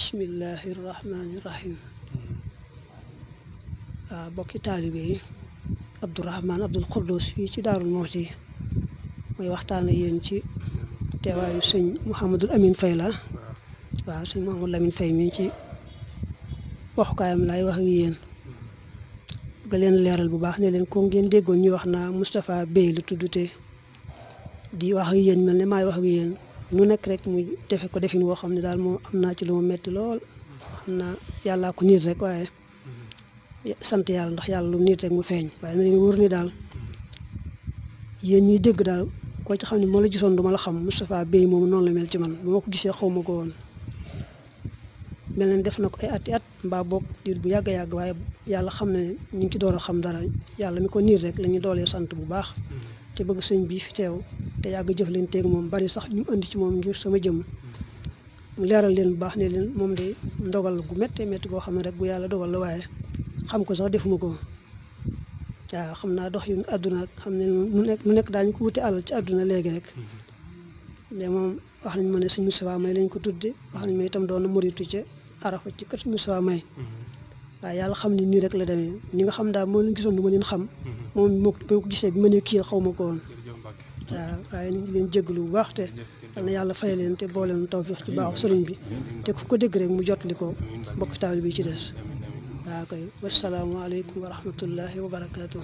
bismillahi rahmaani rahim waaw ah, bokki taalibe yi abdul xudduus fii ci daaru mooti mooy waxtaan ak yéen ci teewaayu sëñ mouhamadul amin fay la waaw sëñ mouhamadul amin fay mi ci waxukaayam laay wax ak yéen ga leen leeral bu baax ne leen ko ngeen déggoon ñu wax naa Moustapha Bey la tuddute di wax ak yéen mel ne wax ak lu nekk rek mu defe ko defin woo xam ne daal moom am naa ci lu ma metti lool xam naa yàllaa ko niit rek waaye sant yàlla ndox yàlla lu mu niit rek mu feeñ waaye na leen wóor ni daal yéen ñuy dégg daal koo ci xam ni moo la gisoon duma la xam Moustapha Bey moom noonu la mel ci man bu ma ko gisee xaw ma ko woon mel na def na ko ay ati at mbaa bokk diir bu yàgg yàgg waaye yàlla xam na ne ñu ngi ci door a xam dara yàlla mi ko niir rek la doolee sant bu baax mm-hmm. te bëgg sëñ bii fi teew te yàgg jëf leen teeg moom bari sax ñu indi ci moom ngir sama jëm mu leeral leen bu baax ne leen moom de ndogal gu méttee métti goo xam ne rek bu yàlla dogal la waaye xam ko sax defuma ko waaw xam naa dox yu àdduna xam ne mu nekk mu nekk daañu ko wuti alal ci àdduna léegi rek de moom wax nañ ma ne suñu Moustapha May lañ ko tudde wax nañ ma itam doon moritu ci arafa ci kër suñu Moustapha May waaye yàlla xam ne nii rek la demee ñi nga xam daal moo leen gisoon du ma leen xam mm-hmm. moom ko gisee bi ma ne kii xaw ma ko waaw waaye ñu ngi leen jégalu bu baax te yal na yàlla fay leen te boole leen tawfiix ci baaxu sëriñ bi te ko dégg rek mu jot li ko mbokk taal bi ci des waaw kay wasalaamualeykum wa rahmatullahi wa barakaatu.